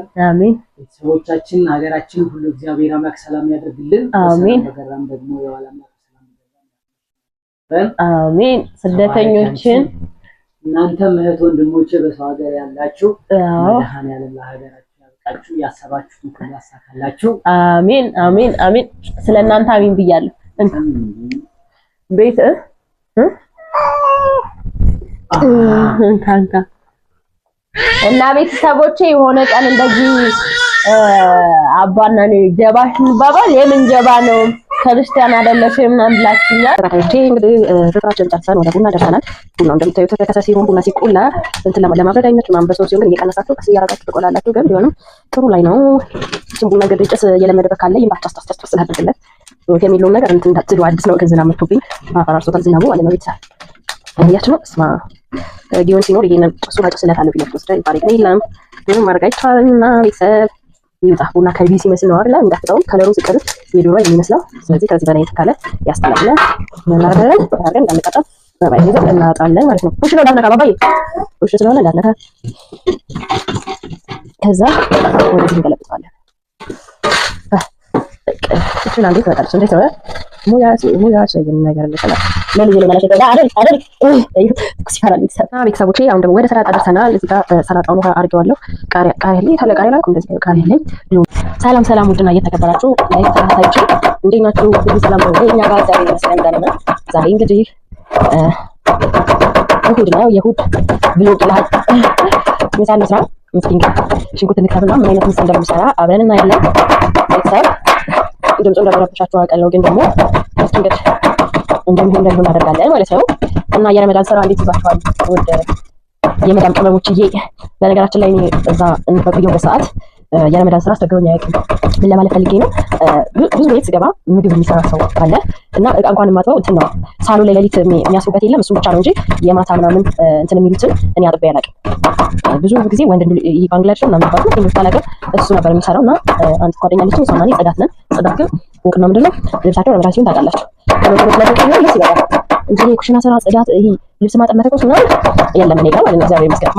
ይስጠን። አሜን። ቤተሰቦቻችን፣ ሀገራችን ሁሉ እግዚአብሔር አምላክ ሰላም ያደርግልን። አሜን። በገራም ደግሞ የዋላ አሜን። ስደተኞችን እናንተም እህት ወንድሞቼ በሰው ሀገር ያላችሁ መድኃኔዓለም ለሀገራችን ያብቃችሁ፣ ያሰባችሁትን ሁሉ ያሳካላችሁ። አሜን አሜን አሜን። ስለ እናንተ አሜን ብያለሁ። ቤት እንካ እንካ እና ቤተሰቦቼ የሆነ ቀን እንደዚህ አባና ነው ጀባሽ የሚባባል የምን ጀባ ነው ከክርስቲያን አይደለሽም ምናምን ብላችኛል። ተከታዮቼ እንግዲህ ፍቅራችን ጨርሰን ወደ ቡና ደርሰናል። ቡና እንደምታዩት ተከሰ ሲሆን ቡና ሲቆላ እንት ለማድረግ አይመች ምናምን በሶ ሲሆን ግን እየቀነሳችሁ ቀስ እያረጋችሁ ትቆላላችሁ። ግን ቢሆንም ጥሩ ላይ ነው። እሱም ቡና እንግዲህ ጭስ እየለመደበት ካለ ይምጣ ጫስ ጫስ ጫስ ስላደርግለት የሚለውን ነገር እንትን እንዳትሉ አዲስ ነው። ከዝናብ መጥቶብኝ አፈራርሶታል ዝናቡ ማለት ነው ቤተሰብ አያችሁ ነው እስማ ጊዮን ሲኖር ይሄንን እሱ ባጭ ስለታለ ብዬ ወስደ ይባል ነው ይላም ምንም ማድረግ አይቻልም። እና ቤተሰብ ይውጣ ቡና ከልቢ ሲመስል ነው አይደል? እንዳትጠው ከለሩ ሲቀር የዶሮ የሚመስለው ስለዚህ ከዚህ በላይ የተካለ ያስጠላል። እናደረግ አረን እንዳንቀጣ ባባይ ይዘ እናጣለን ማለት ነው። እሺ ነው እንዳትነካ ባባይ፣ እሺ ስለሆነ እንዳትነካ። ከዛ ወደዚህ እንገለብጠዋለን። እቺን አንዴ ትመጣለች። እንዴት ነው ሙያ ሙያ ነገር ልሰላ ለልጅ ማለት ነው አይደል አይደል ሲፈራል ይሰራ ቤተሰቦቼ አሁን ደግሞ ወደ ሰላጣ ደርሰናል። እዚህ ጋር ሰላጣውን ውሃ አድርጌዋለሁ። ቃሪያ ቃሪያ ላይ ታለ ቃሪያ ላይ እንደዚህ ቃሪያ ላይ ሰላም ሰላም፣ ውድና እየተከበራችሁ ላይክ ተከታታዮቼ እንዴት ናችሁ? ሁሉ ሰላም ነው? እኛ ጋር ዛሬ ይመስለን ጋር ነው። ዛሬ እንግዲህ እሑድ ነው። የእሑድ ብሎግ ላይ ምሳን ስራ ምስኪን ሽንኩርት እንከብና ምን አይነት ምስ እንደምሰራ አብረን እናያለን። ቤተሰብ ድምፁ እንዳበረብሻችሁ አቀለው ግን ደግሞ እስኪ እንደዚህ እንደዚህ እናደርጋለን ማለት ነው። እና የረመዳን ስራ እንዴት ይዟችኋል? ውድ የመዳም ቅመሞችዬ፣ በነገራችን ላይ እኔ እዛ በቆየሁበት ሰዓት የረመዳን ስራ አስቸግሮኝ አያውቅም። ምን ለማለት ፈልጌ ነው፣ ብዙ ቤት ስገባ ምግብ የሚሰራ ሰው አለ እና እቃ እንኳን የማጥበው እንትን ነው ሳሎ ላይ ሌሊት የሚያስቡበት የለም እሱ ብቻ ነው እንጂ የማታ ምናምን እንትን የሚሉትን እኔ አጥቤ አላውቅም። ብዙ ጊዜ ወንድ ባንግላዴሽ ነው ምናምን ባትነ ቴኞች አላውቅም እሱ ነበር የሚሰራው እና አንድ ጓደኛ ልጅ ሰማኒ ጽዳት ነን ጽዳት ግን ውቅ ነው ምንድነው ልብሳቸው ረመዳን ሲሆን ታውቃላቸው ከመጥሮት የኩሽና ስራ ጽዳት፣ ይሄ ልብስ ማጠብ፣ መተኮስ ምናምን የለም እኔ ጋር ማለት ነው። እግዚአብሔር ይመስገን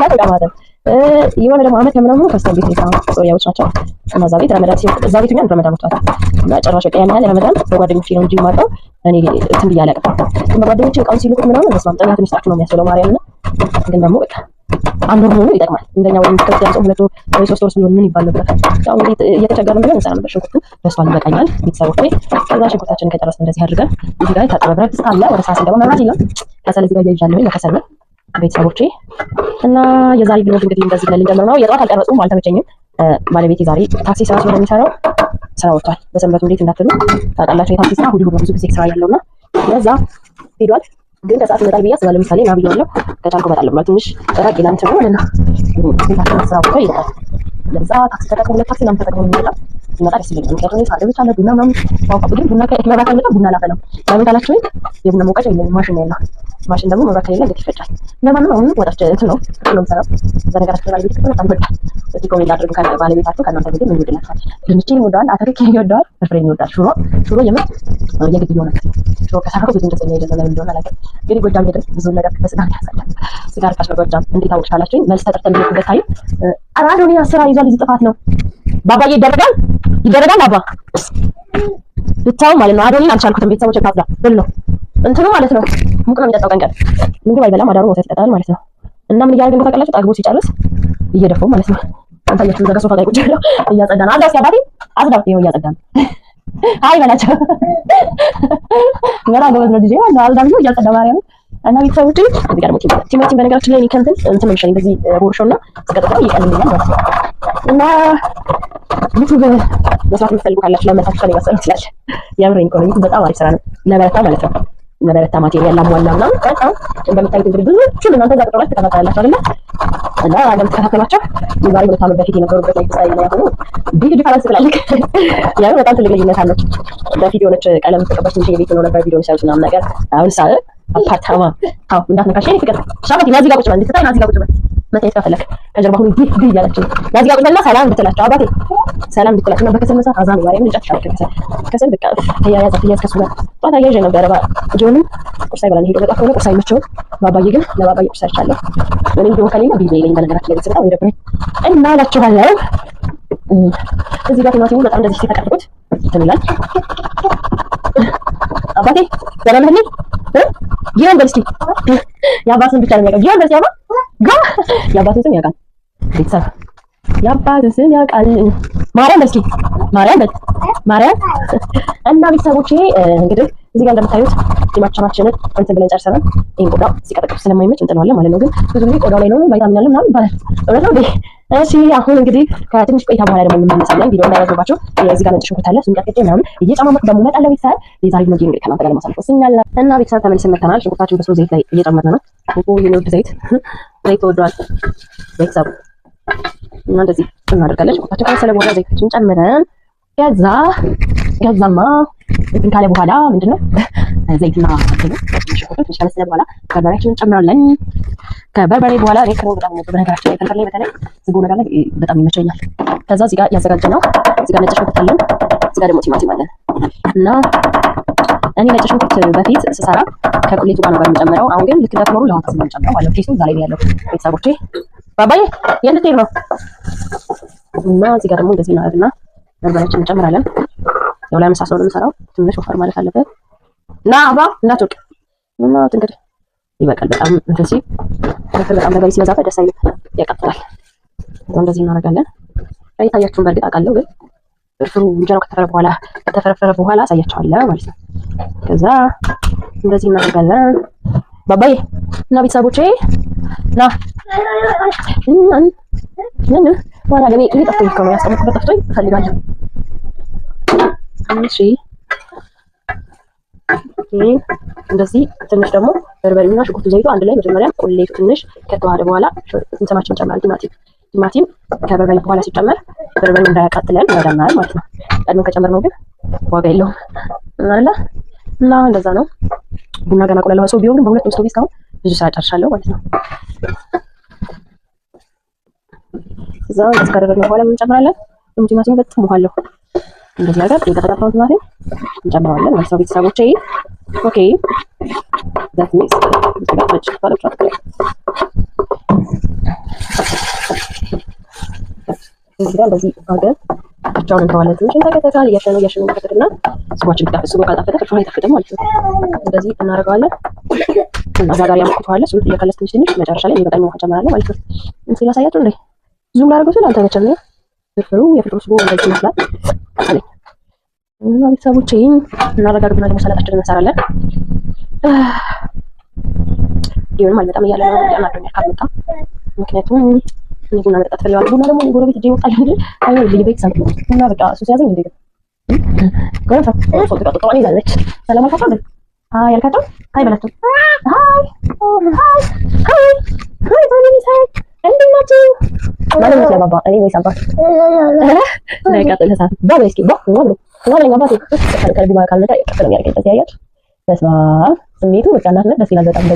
ማለት የሆነ ደግሞ አመት ከምናምን ከስተን ቤት ነው ሶያዎች ናቸው እና እዛ ቤት ረመዳን ሲሆን እዛ ቤት ረመዳን ወጥቷል እና ጭራሽ ቀያ ያለ ረመዳን በጓደኞቼ ነው እንጂ የማውቀው እኔ እንትን ብዬ አላውቅም። በጓደኞቼ እቃውን ምናምን መስማም ጥናት ሚስጣችሁ ነው የሚያስብለው ማርያም እና ግን ደግሞ በቃ አንዱ ሆኖ ይጠቅማል። እንደኛ ወይም ከዚህ ያለው ሁለት ወይ ሶስት ወር ሲሆን ምን ይባል ነበር? አሁን እንግዲህ ነው ምን እንሰራ ነበር? ሽንኩርቱ በስቷል፣ ይበቃኛል። ቤተሰቦች ወይ ከዛ ሽንኩርታችንን ከጨረስን እንደዚህ አድርገን እዚህ ጋር የታጠበ ብረት ድስት አለ። ወደ ሳስን ደግሞ መብራት የለም። ከሰል እዚህ ጋር እያይዣለሁ ነው ቤተሰቦቼ። እና የዛሬ ቪዲዮዎች እንግዲህ እንደዚህ ብለን ልንጀምር ነው። የጠዋት አልቀረጹም፣ አልተመቸኝም። ባለቤቴ ዛሬ ታክሲ ስራ ስለሆነ የሚሰራው ስራ ወጥቷል። በሰንበቱ እንዴት እንዳትሉ ታውቃላችሁ። የታክሲ ስራ ሁሉ ብዙ ጊዜ ስራ ያለውና ለዛ ሄዷል። ግን ከሰዓት ይመጣል ብዬ አስባለሁ። ለምሳሌ ና ብያለሁ፣ ከቻልኩ እመጣለሁ ብሏል። ትንሽ ራቅ ይላል እንትን ማለት ነው። ስራ ቦታ ይመጣል። ለዛ ታክሲ ተጠቅሞ ሁለት ታክሲ ተጠቅሞ የሚመጣ ሲመጣ ደስ ይለኛል። ምክንያቱም ሳለቤት አለ ቡና ምናምን ማውቀ ግን ቡና ከመጣ ቡና ላፈላም ለምን ካላችሁኝ የቡና መውቀጫ የለኝም፣ ማሽን ያለው ማሽን ደግሞ መብራት ከሌለ እንዴት ይፈጫል? ለማንም አሁን ወጣች እንትን ነው ነው የምሰራው። በነገራችን ላይ ቤት በጣም ይወዳል። እዚህ ኮሜንት አድርጉ ባለቤታቸው ከእናንተ ጊዜ ምን ይወድላቸዋል? ድንችን ይወደዋል፣ አተርክ ይወደዋል፣ ፍርፍሬን ይወዳል። ሽሮ ሽሮ የምር የግድ የሆነ ሽሮ ከሰራው ብዙ እንደዚህ ያይደለ ለምን እንደሆነ አላውቅም። እንግዲህ ጎጃም ሄደን ብዙ ነገር በስጋ ያሳያል። ስጋ ርካሽ ነው ጎጃም። እንዴት አወቅሻላችሁኝ? መልስ ተጠርተን ብለኩበት ታዩ አራዶኒ አስራ ይዟል። እዚህ ጥፋት ነው ባባዬ። ይደረጋል ይደረጋል አባ ብቻው ማለት ነው። አዶኒን አልቻልኩትም። ቤተሰቦች ታፍላ ብል ነው እንትኑ ማለት ነው። ሙቅ ነው የሚጠጣው፣ ቀን ቀን ምግብ አይበላም፣ አዳሩ ወተት ይጠጣል ማለት ነው። እና ምን እያደረግን ነው ታውቃላችሁ? አግቦ ሲጨርስ እየደፈው ማለት ነው። አንታያችሁ ዘጋ ሶፋ ላይ ቁጭ ብለው እያጸዳ ነው። አዳስ ያባቲ አጽዳው ነው እያጸዳ ነው። አይ በላቸው ገና ጎበዝ ነው ዲጄ ማለት ነው። አጽዳ ነው እያጸዳ ማርያም እና ቤተሰቦቼ እዚህ ጋር ደግሞ ቲማቲም በነገራችን ላይ እኔ ከእንትን እንትን ነው የሚሻለኝ በዚህ ቦርሾ እና ስቀጥታ ይቀልልኛል ማለት ነው። እና ዩቱብ መስራት የምትፈልጉ ካላችሁ ለመታችሁ ሰው ሊመሰል ይችላል። የምሬን ከሆነ ዩቱብ በጣም አሪፍ ስራ ነው ለበረታ ማለት ነው። መበረታ ማቴሪያል ላሟላ ምናምን ከዛው እንደምታዩት እንግዲህ ብዙዎቹ እናንተ ጋር ቁጥራችሁ ተከታተላችሁ አይደለ እና እንደምትከታተሏቸው የዛሬ ሁለት ዓመት በፊት የነበሩበት ላይ ሳይ ነው ያሁኑ ቢግ ዲፈረንስ ትላለህ። ያው በጣም ትልቅ ልዩነት አለው። በፊት የሆነች ቀለም ተቀበሽ ትንሽ የቤት ነው ነበር ቪዲዮ የሚሰሩት ምናምን ነገር አሁን ሳይ አፓርታማ አዎ እንዳትነካሽ ፍቅር ሻባት ናዚ ጋር ቁጭ ማለት ናዚ ጋር ቁጭ መታየት ከፈለክ ከጀርባ ሁሉ ዲት ያላችሁ ያዚ ጋር ቁጭ ሰላም ብትላቸው አባቴ ሰላም ብትላቸው ነው። በከሰል መሳት አዛን ዛሬ ምንጫ ተሻለ ከሰል ከሰል በቃ ተያያዘ ተያያዝ ከሱ ጋር ጧት አያይዤ ነበር ጆንም ቁርስ አይበላን ሄደው በጣም ከሆነ ቁርስ አይመቸውም። ባባዬ ግን ለባባዬ ቁርስ አይቻለሁ። ምን እንዲሁ ከሌለ ቢዚ ይለኝ በነገራችን ላይ ስጣ ወይ ደብረኝ እና እላችኋለሁ። እዚህ ጋር ቲማቲሙ በጣም እንደዚህ ሲተቀጥቁት እንትን አባቴ ዘና ጊዮን በል እስኪ የአባትን ብቻ ነው የሚያውቀው። ጊዮን በል ጋ የአባትን ስም ያውቃል። ቤተሰብ የአባትን ስም ያውቃል። ማርያም በል እስኪ ማርያም በል ማርያም እና ቤተሰቦቼ እንግዲህ እዚህ ጋር እንደምታዩት ቲማቸራችንን እንትን ብለን ጨርሰናል። ይህን ቆዳ ሲቀጠቅጥ ስለማይመች እንትለዋለን ማለት ነው። ግን ብዙ ጊዜ ቆዳው ላይ ነው ቫይታሚን አለ ምናምን ይባላል። እውነት ነው። እሺ አሁን እንግዲህ ከትንሽ ቆይታ በኋላ ደግሞ እንመለሳለን። ቪዲዮ እንዳያዘባቸው እዚህ ጋር ነጭ ሽንኩርት አለ ስንቀጥቅጭ ምናምን እየጨማመቅ ደግሞ መጣለ ቤተሰብ የዛሬ ነው እንግዲህ ከናንተ ጋር ለማሳለፍ ስኛለ እና ቤተሰብ ተመልሰን መተናል። ሽንኩርታችን በሶ ዘይት ላይ እየጨመርን ነው። ኮ የሚወድ ዘይት ዘይት ተወዷል ቤተሰብ እና እንደዚህ እናደርጋለን። ሽንኩርታችን ከበሰለ በኋላ ዘይታችን ጨምረን ከዛ ከዛማ እንትን ካለ በኋላ ምንድነው ዘይትና እንትኑ ሽንኩርቱ ትንሽ ከበሰለ በኋላ በርበሬያችን ጨምራለን። ከበርበሬ በኋላ እኔ ክኖር በጣም ነው በነገራችን ላይ ፍርፍር ላይ በተለይ ስጎ ነገር ላይ በጣም ይመቸኛል። ከዛ እዚህ ያዘጋጀ ነው እዚህ ነጭ ሽንኩርት አለን፣ እዚህ ደግሞ ቲማቲም አለን እና እኔ ነጭ ሽንኩርት በፊት ስሰራ ከቁሌቱ ጋር ነበር የምጨምረው። አሁን ግን ልክ እንዳትኖሩ ለአሁን ስ ጨምረው ማለት ቴስቱ ዛሬ ያለው ቤተሰቦቼ ባባዬ የእንድትሄድ ነው እና እዚጋ ደግሞ እንደዚህ እናደርግና በርበሬያችን እንጨምራለን። ያው ላይ መሳሰሉ የምሰራው ትንሽ ወፈር ማለት አለበት እና አባ እና ቱርክ እና እንግዲህ ይበቃል። በጣም እንትን ሲል ወፈር በጣም ነገር ሲበዛበት ደስ አይልም፣ ያቃጥላል። እንደዚህ እናደርጋለን። አይታያችሁም በእርግጥ አውቃለሁ፣ ግን ፍርፍሩ እንጀራው ከተፈረ በኋላ ከተፈረፈረ በኋላ አሳያቸዋለሁ ማለት ነው። ከዛ እንደዚህ እናደርጋለን። ባባዬ እና ቤተሰቦቼ ና እና እና ዋራ ገኔ ይጠፍቶኝ ከሆነ ያስቀምጥበት ጠፍቶኝ እፈልጋለሁ ትንሽ እንደዚህ ትንሽ ደግሞ በርበሬና ሽንኩርቱ ዘይቱ አንድ ላይ መጀመሪያ ቁሌቱ ትንሽ ከተዋሃደ በኋላ እንትናችን እንጨምራለን። ቲማቲም ቲማቲም ከበርበሬ በኋላ ሲጨመር በርበሬ እንዳያቃጥለን ያዳናል ማለት ነው። ቀድመን ከጨመርነው ግን ዋጋ የለውም እና እንደዛ ነው። ቡና ገና ሰው ቢሆን ግን ብዙ ሰዓት ጨርሻለሁ ማለት ነው። እዛ እንደዚህ ካደረግነው በኋላ ምን እንጨምራለን? ቲማቲም በጣም ውሃለሁ እንደዚህ አድርገን የተፈጠፈውን ቲማቲም እንጨምረዋለን። ለሰው ቤተሰቦቼ ኦኬ ዛት ሚክስ ተቀጥጭ ባለቻት እዚህ ጋር እንደዚህ አድርገን ብቻውን እንተዋለን። ትንሽ ስጓችን ስጎ አይጣፍጥም ማለት ነው። እንደዚህ እናደርገዋለን። እዛ ጋር ያምኩት አለ እየከለስ ትንሽ ትንሽ መጨረሻ ላይ በጣም ውሃ ጨምራለሁ ማለት ነው። እንዴ ዙም ላደርገው አልተመቸም ነው ፍርፍሩ የፍርፍሩ ስጎ እንደዚህ ይመስላል። አለኝ እና ቤተሰቦቼ እና ረጋግ ደግሞ ሰላታችንን እንሰራለን። ይሁንም አልመጣም እያለ ነው ያና ደግሞ ካልመጣ ምክንያቱም እኔ ቡና መጠጣት ፈልጋለሁ። ቡና ደግሞ ጎረቤት እጄ ይወጣል እንጂ አይሆን ልጅ ቤት ሳንት እና በቃ እሱ ሲያዘኝ እንዴ ጎረፋ ሶ ተቃጥቶ ተቃጥቶ ይዛለች። ሰላም አልካቸው ግን አይ አልካቸው አይ በላቸው አይ አይ አይ አይ ስሜቱ በቃ እናትነት ደስ ይላል በጣም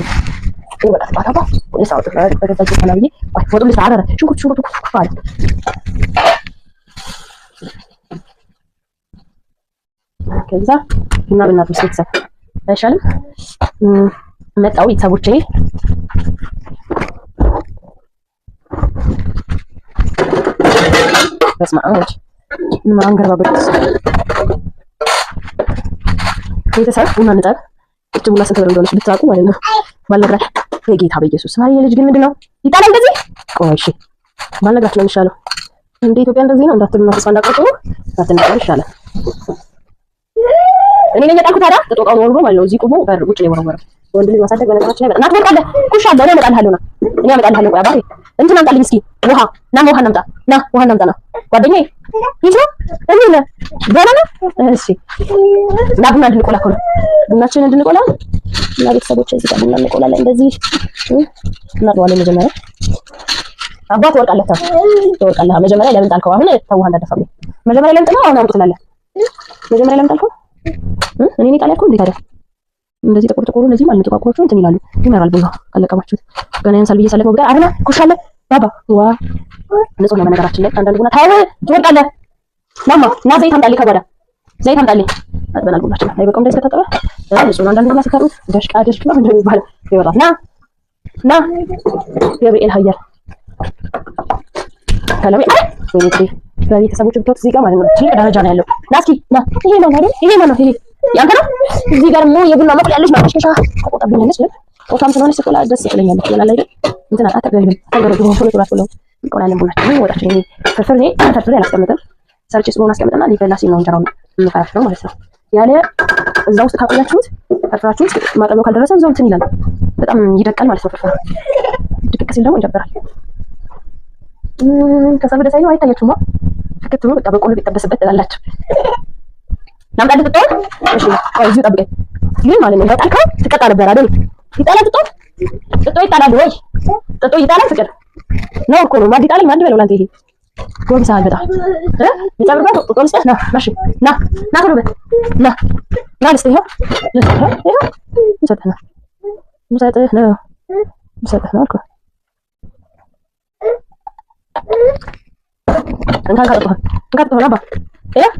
ከዛ እና በእናቱ ቤተሰብ አይሻልም መጣው ቤተሰቦቼ በስመ አብ ምን አንገርባበት ቤተሰብ ቡና ንጠብ። እቺ ቡና ስንት ብር እንደሆነች ብታውቁ ማለት ነው ባልነግራችሁ። የጌታ በኢየሱስ ማሪ የልጅ ግን ምንድነው ይጣላል እንደዚህ? ቆይ ባልነግራችሁ ነው የሚሻለው። እንደ ኢትዮጵያ እንደዚህ ነው እንዳትሉ ነው ተስፋ እንዳቆጡ ይሻላል። እኔ ነኝ የጣልኩት ታዲያ ነው ወርዶ ማለት ነው። እዚህ ቆሞ በር ውጭ ላይ ወረወረ። ወንድ ልጅ ማሳደግ በነገራችን ላይ በጣም አትወርቃለህ። ኩሽ አለ ነው እመጣልሃለሁ። እኔ አመጣልሃለሁ። ቆይ አባቴ እንትን አምጣልኝ እስኪ ውሃ ና ውሃ እናምጣ ና ውሃ እናምጣ ና ጓደኛዬ ይዞ እኔ ነ ገና ነው እሺ ና ቡና እንድንቆላ እኮ ነው ቡናችን እንድንቆላ እና ቤተሰቦች እዚህ ጋር ቡና እንቆላለን እንደዚህ እናጥበዋለን መጀመሪያ አባ ትወርቃለህ ትወርቃለህ መጀመሪያ ለምን ጣልከው አሁን ተው ውሃ እንዳደፋብኝ መጀመሪያ ለምን ጥለው አሁን አውጡ ትላለህ መጀመሪያ ለምን ጣልከው እኔ ነኝ ጣልያልኩ ያልኩህ እንዴ ታዲያ እንደዚህ ጥቁር ጥቁሩ እንደዚህ ማለት ጥቋቁሮቹ እንትን ይላሉ። ይመራል ብዙ አለቀባችሁት። ገና ያንሳል ብዬ ሳለቀው ጋር አብና ኩሻለ ባባ ዋ ንጹህ ነው። በነገራችን ላይ አንዳንድ ቡና ታው ትወድቃለህ። ማማ ና ዘይት አምጣልኝ፣ ከባዳ ዘይት አምጣልኝ። አጥበናል ቡናችን ላይ በቀም ደስ ከተጠበ ንጹህ ነው። አንዳንድ ቡና ሲከሩት ደሽቃ ደሽቅ ነው እንደሚባለው ይወራል። ና ና ገብርኤል ሀያል ካላዊ አይ ወይኔ ቤተሰቦች ብትወጥ እዚህ ጋር ማለት ነው ትልቅ ደረጃ ነው ያለው። ና እስኪ ና ይሄ ማን አይደል ይሄ ማን ነው ይሄ ያንተ ነው። እዚህ ጋር ደግሞ የቡና መቁላለች ማቀሽከሻ ተቆጣብኛለች። ወፍራም ስለሆነ ስትቆላ ደስ ትለኛለች። ይላል አይደል እንትና አታገልም ድሮ ሆኖ ተራፍ ነው ይቆላልን ቡናችን ነው ወጣችን ነው ፍርፍር ነው ፍርፍር ነው አላስቀምጥም። ሰርች ስለሆነ አስቀምጥና ሊፈላ ሲል ነው እንጀራውን የምፈራፍረው ማለት ነው። ያለ እዛ ውስጥ ካቆያችሁት ፍርፍራችሁ ውስጥ ማጠቢያው ካልደረሰ እዛው እንትን ይላል። በጣም ይደቃል ማለት ነው። ፍርፍር ድቅቅ ሲል ደግሞ ይጀበራል። ከዛ በደሳይ ነው አይታያችሁማ። ፍክት ብሎ በቃ በቆሎ ቢጠበስበት ትላላችሁ። ላምጣልህ ነበር አይደል? ይጣላል ጥጦ ጥጦ ይጣላል ወይ? ጥጦ ይጣላል ፍቅር ነው እኮ ነው። ማን ይጣላል? ማን ይበለው? ላንተ ይሄ ጎብሳ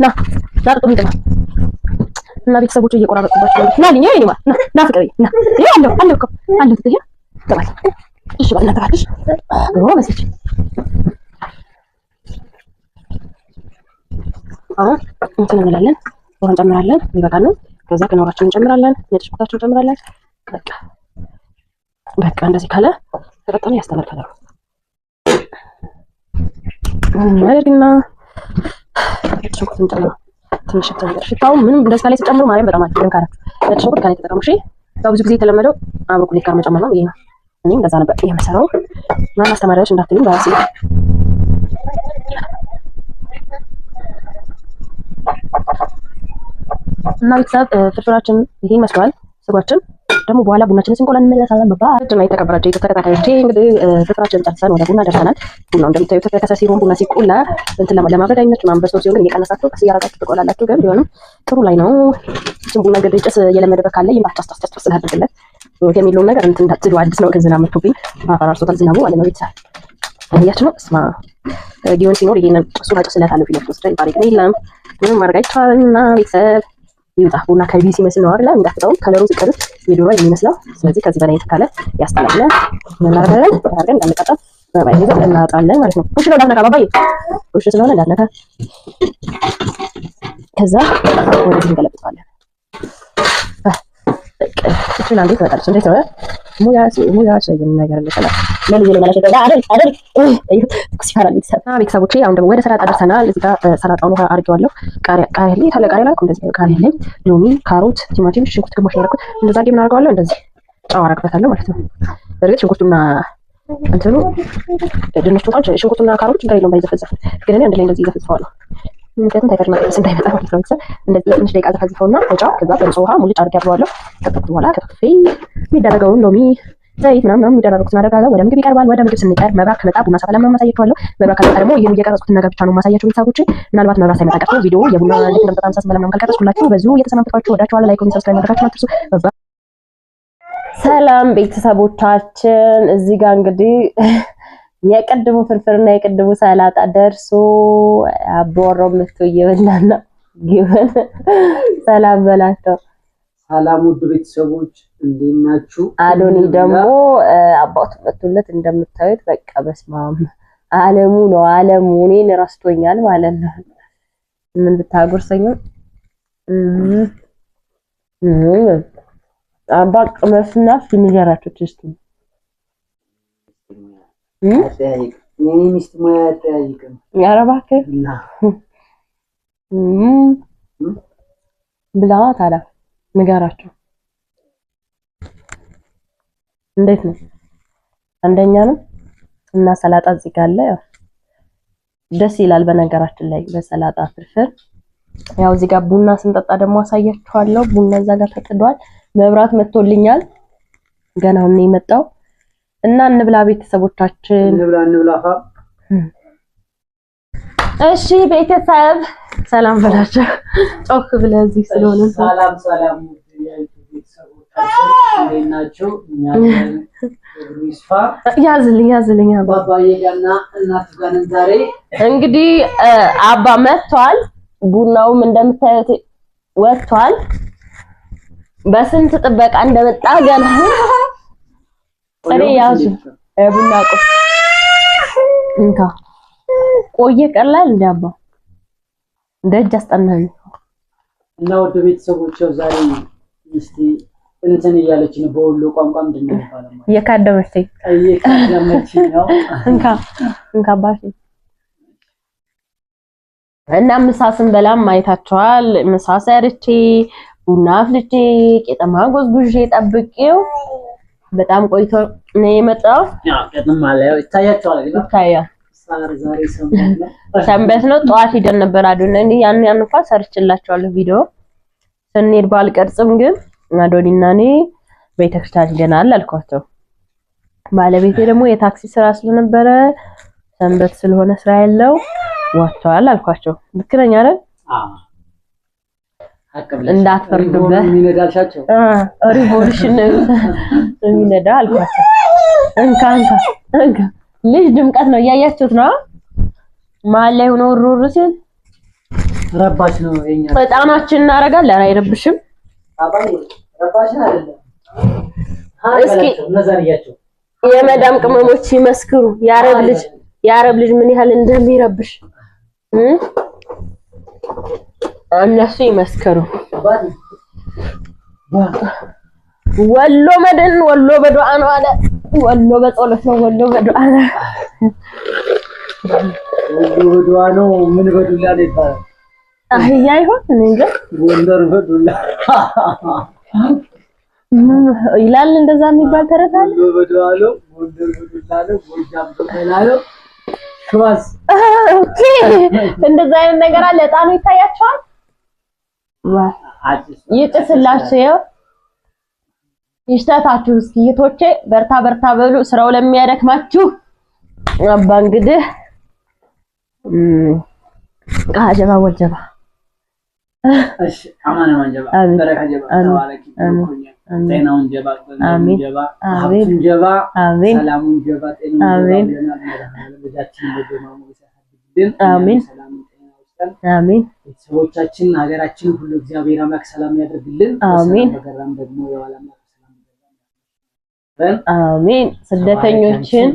ና ና ጥሩ እና ቤተሰቦች እየቆራረጡባቸው ነው። ና ልኛ ና ና ፍቅሬ ና ይሄ አለው አለው እኮ አለው እሺ ባልና ተባልሽ አሁን እንትን እንላለን፣ ውሃ እንጨምራለን፣ ነው። ከዛ እንጨምራለን፣ ነጭ እንጨምራለን። በቃ በቃ እንደዚህ ካለ ተቀጣለ ሽንኩርት እንጨምር ትንሽ ነገር ሽታው ምንም ላይ በጣም ነጭ ሽንኩርት ከላይ ተጠቀሙ። እሺ ያው ብዙ ጊዜ የተለመደው አብሮ ቁሌት ጋር መጨመር ነው። ይሄ እንደዛ ነበር የምሰራው። ማን አስተማሪያች እንዳትሉኝ ባሲ እና ቤተሰብ ፍርፍራችን ይሄን ይመስለዋል ስጓችን ደግሞ በኋላ ቡናችንን ስንቆላ እንመለሳለን። በባድ ነው የተከበራቸው ተከታታዮቼ፣ እንግዲህ ፍቅራችን ጨርሰን ወደ ቡና ደርሰናል። ቡናው እንደምታዩ ተከሰ ሲሆን ቡና ሲቆላ እንትን ለማድረግ አይመች ምናምን በሰው ሲሆን ግን እየቀነሳችሁ ቀስ እያረጋችሁ ትቆላላችሁ። ግን ቢሆንም ጥሩ ላይ ነው። እሱም ቡና እንግዲህ ጭስ እየለመደበት ካለ ይማጫስታስታስ ስላደርግለት የሚለውን ነገር እንትን እንዳትሉ አዲስ ነው። ግን ዝናብ መቶብኝ አፈራርሶታል ዝናቡ አለ ነው። ቤተሰብ እያች ነው እስማ ጊዮን ሲኖር ይሄንን እሱ ጭስ እላታለሁ ፊለት ወስደ ባሪ ግን የለም ምንም ማድረግ አይቻልና ቤተሰብ ይውጣ ቡና ከቢሲ መስል ነው አይደል? የሚጣፍጠው ከለሩ ሲቀርስ የዶሮ የሚመስለው ስለዚህ ከዚህ በላይ የተካለ ያስጠላል። መናረጋለን አርገን እንዳንቀጣ በባይ ይዘን እናጣለን ማለት ነው። ኩሽ ነው እንዳትነካ፣ ባባዬ ኩሽ ስለሆነ እንዳትነካ። ከዛ ወደዚህ እንገለብጠዋለን። እሱን አንዴ ቤተሰቦቼ፣ አሁን ደግሞ ወደ ሰላጣ ደርሰናል። እዚህ ጋር ሰላጣውን ውሃ አድርጌዋለሁ። ቃሪያ ቃሪያ ቃሪያ ላይ እንደዚህ ቃሪያ ላይ ሎሚ፣ ካሮት፣ ቲማቲም፣ ሽንኩርት ግማሽ ያደረኩት እንደዛ ጌም አድርገዋለሁ። እንደዚህ ጨው አደርግበታለሁ ማለት ነው። በእርግጥ ሽንኩርቱና እንትኑ ድንቹ ሽንኩርቱና ካሮት ችግር የለውም ባይዘፈዘፍ፣ ግን እኔ አንድ ላይ እንደዚህ ይዘፈዝፈዋለሁ ምክንያቱም ታይፈር ቫይረስ እንዳይመጣ ማለት ነው። ቤተሰብ እንደዚህ ለትንሽ ደቂቃ ዘፈዝፈውና በጨው ከዛ በንጹህ ውሃ ሙልጭ አድርጌ አድርገዋለሁ። ከጠቁት በኋላ ከጠፌ የሚደረገውን ሎሚ ዘይት ምናምን የሚደረጉት ነገር ካለ ወደ ምግብ ይቀርባል። ወደ ምግብ ስንቀርብ መብራት ከመጣ ቡና ሳፈላ ምናምን አሳያችኋለሁ። መብራት ከመጣ ደግሞ ይህን እየቀረጽኩት ነገር ብቻ ነው ማሳያችሁ ቤተሰቦች። ምናልባት መብራት ሳይመጣ ቀርቶ ቪዲዮ የቡና ልክ እንደምጠጣም ሳስመላ ነው ካልቀረጽኩላችሁ በዚሁ እየተሰናበትኳችሁ ወዳችኋለሁ። ላይክ፣ ኮሜንት፣ ሰብስክራይብ ማድረጋችሁን አትርሱ። ሰላም ቤተሰቦቻችን፣ እዚህ ጋር እንግዲህ የቅድሙ ፍርፍርና የቅድሙ ሰላጣ ደርሶ አቦሮ ምቶ እየበላን ነው። ጊዮን ሰላም በላቸው። ሰላም ውድ ቤተሰቦች እንዴት ናችሁ? አዶኒ ደግሞ አባቱ መጥቶለት እንደምታዩት በቃ በስማም አለሙ ነው አለሙ። እኔን ረስቶኛል ማለት ነው። ምን ብታጎርሰኝ አባ ቅመስና ንገራችሁ እስኪ ብላ ታዲያ ንገራቸው። እንዴት ነው? አንደኛ ነው እና ሰላጣ እዚህ ጋር አለ። ያው ደስ ይላል። በነገራችን ላይ በሰላጣ ፍርፍር ያው እዚህ ጋር ቡና ስንጠጣ ደግሞ አሳያችኋለሁ። ቡና እዛ ጋር ተጥዷል። መብራት መጥቶልኛል። ገናውን ነው የመጣው እና እንብላ ቤተሰቦቻችን፣ እንብላ እንብላ። እሺ ቤተሰብ ሰላም በላቸው። ጮክ ብለህ እዚህ ስለሆነ ሰላም ሰላም። ያዝልኝ ያዝልኝ። እንግዲህ አባ መጥቷል። ቡናውም እንደምታዩት ወጥቷል። በስንት ጥበቃ እንደመጣ ገና እኔ ያዙ ቡና ቁርስ እንካ ቆየ ቀላል እንዳባ እንደ እጅ አስጠናኝ እና ወደ ቤተሰቦች ዛሬ እስቲ እንትን እያለች ነው። በወሎ ቋንቋ ምንድን ነው የሚባለው? እየካደመችኝ እየካደመችኝ ነው። እንካ እንካ ባሽ እና ምሳ ስንበላም አይታችኋል። ምሳ ሰርቼ ቡና አፍልቼ ቄጠማ ጎዝጉዤ ጠብቄው በጣም ቆይቶ ነው የመጣው። ይታያል። ሰንበት ነው። ጠዋት ሂደን ነበር አዶኒ ያን ያን እንኳን ሰርችላቸዋለሁ ቪዲዮ ስንሄድ ባልቀርጽም፣ ግን አዶኒና እኔ ቤተክርስቲያን ሂደናል አልኳቸው። ባለቤቴ ደግሞ የታክሲ ስራ ስለነበረ ሰንበት ስለሆነ ስራ ያለው ዋቸዋል አልኳቸው። ልክ ነኝ አይደል? እንዳትፈርድበት ሪቮሉሽን የሚነዳ አልኳቸው። እንካ እንካ ልጅ ድምቀት ነው። እያያችሁት ነው። መሀል ላይ ሆኖ ሩር ሲል ረባሽ ነው። የኛ እጣናችን እናደርጋለን። አይረብሽም። እስኪ የመዳም ቅመሞች ይመስክሩ። የአረብ ልጅ የአረብ ልጅ ምን ያህል እንደሚረብሽ እነሱ ይመስከሩ። ወሎ መድን ወሎ በዱዓ ነው አለ። ወሎ በጸሎት ነው። ወሎ በዱዓ ነው። ወሎ በዱዓ ነው። ምን በዱላ ላይ ይባላል? አህያ ይሆን እንዴ? ጎንደር በዱላ ይላል። እንደዛ የሚባል ተረት አለ። ወሎ በዱዓ ነው። በዱላ ነው። ጎጃም በዱላ ነው። እንደዛ አይነት ነገር አለ። ዕጣኑ ይታያቸዋል። ይጥስላችሁ ይሽታታችሁ እስኪ በርታ በርታ በሉ። ስራው ለሚያደክማችሁ አባ እንግዲህ አጀባ ወጀባ አሜን ይስጠን። አሜን። ቤተሰቦቻችን፣ ሀገራችን ሁሉ እግዚአብሔር አምላክ ሰላም ያደርግልን። አሜን። በገራም ደግሞ አሜን። ስደተኞችን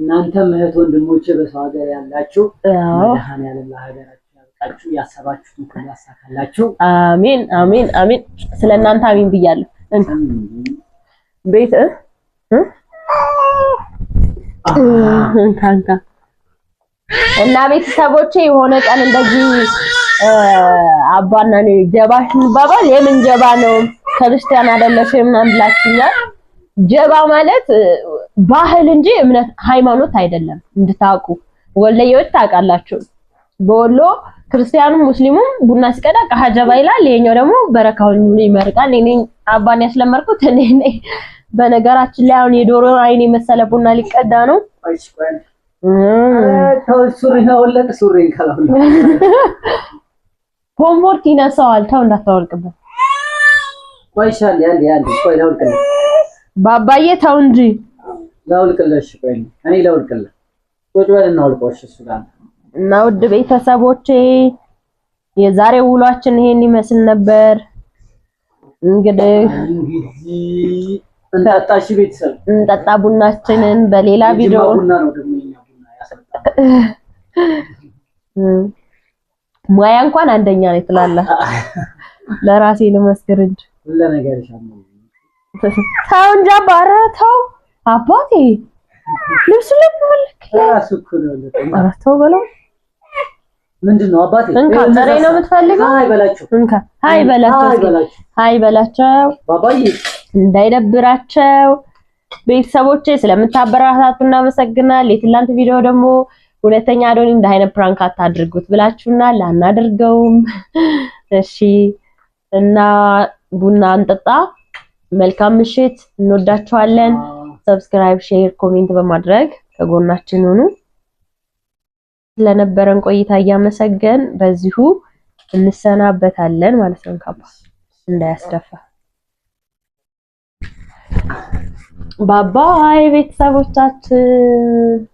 እናንተ እህት ወንድሞቼ በሰው ሀገር ያላችሁ መድኃኔዓለም ለሀገራችሁ ያብቃችሁ፣ ያሰባችሁትን ሁሉ ያሳካላችሁ። አሜን አሜን አሜን። ስለ እናንተ አሜን ብያለሁ። ቤት እ እና ቤተሰቦቼ የሆነ ቀን እንደዚህ አባና ነው ጀባሽ የሚባባል የምን ጀባ ነው ክርስቲያን አይደለሽ ምናምን ብላችኛል። ጀባ ማለት ባህል እንጂ እምነት ሃይማኖት አይደለም። እንድታውቁ ወለየዎች ታውቃላችሁ። በወሎ ክርስቲያኑም ሙስሊሙም ቡና ሲቀዳ ቀሃ ጀባ ይላል። ይሄኛው ደግሞ በረካውን ይመርቃል። እኔ አባን ያስለመርኩት እኔ በነገራችን ላይ አሁን የዶሮ አይን የመሰለ ቡና ሊቀዳ ነው። ኮምፎርት ይነሳዋል። ተው እንዳታወልቅበት። ባባዬ ተው እንጂ ላውልቅልሽ። ቆይ እኔ ላውልቅልህ። ቁጭ በል እናውልቀው። እሱ ጋር እና ውድ ቤተሰቦቼ የዛሬ ውሏችን ይሄን ይመስል ነበር። እንግዲህ እንጠጣ ቡናችንን በሌላ ቪዲዮ ሙያ እንኳን አንደኛ ነው ትላለህ። ለራሴ ልመስክር እንጂ ተው እንጂ አባ፣ ኧረ ተው አባቴ፣ ልብሱ ተው በለው። ምንድን ነው አባቴ? ሀይ በላቸው፣ ሀይ በላቸው፣ እንዳይደብራቸው ቤተሰቦች ስለምታበረታቱ እናመሰግናል። የትላንት ቪዲዮ ደግሞ ሁለተኛ አዶኒ እንደ አይነት ፕራንክ አታድርጉት ብላችሁና ላናደርገውም። እሺ እና ቡና እንጠጣ። መልካም ምሽት። እንወዳችኋለን። ሰብስክራይብ፣ ሼር፣ ኮሜንት በማድረግ ከጎናችን ሆኑ ስለነበረን ቆይታ እያመሰገን በዚሁ እንሰናበታለን ማለት ነው። ካባ እንዳያስደፋ Bye bye, Vitsa Vurtatı.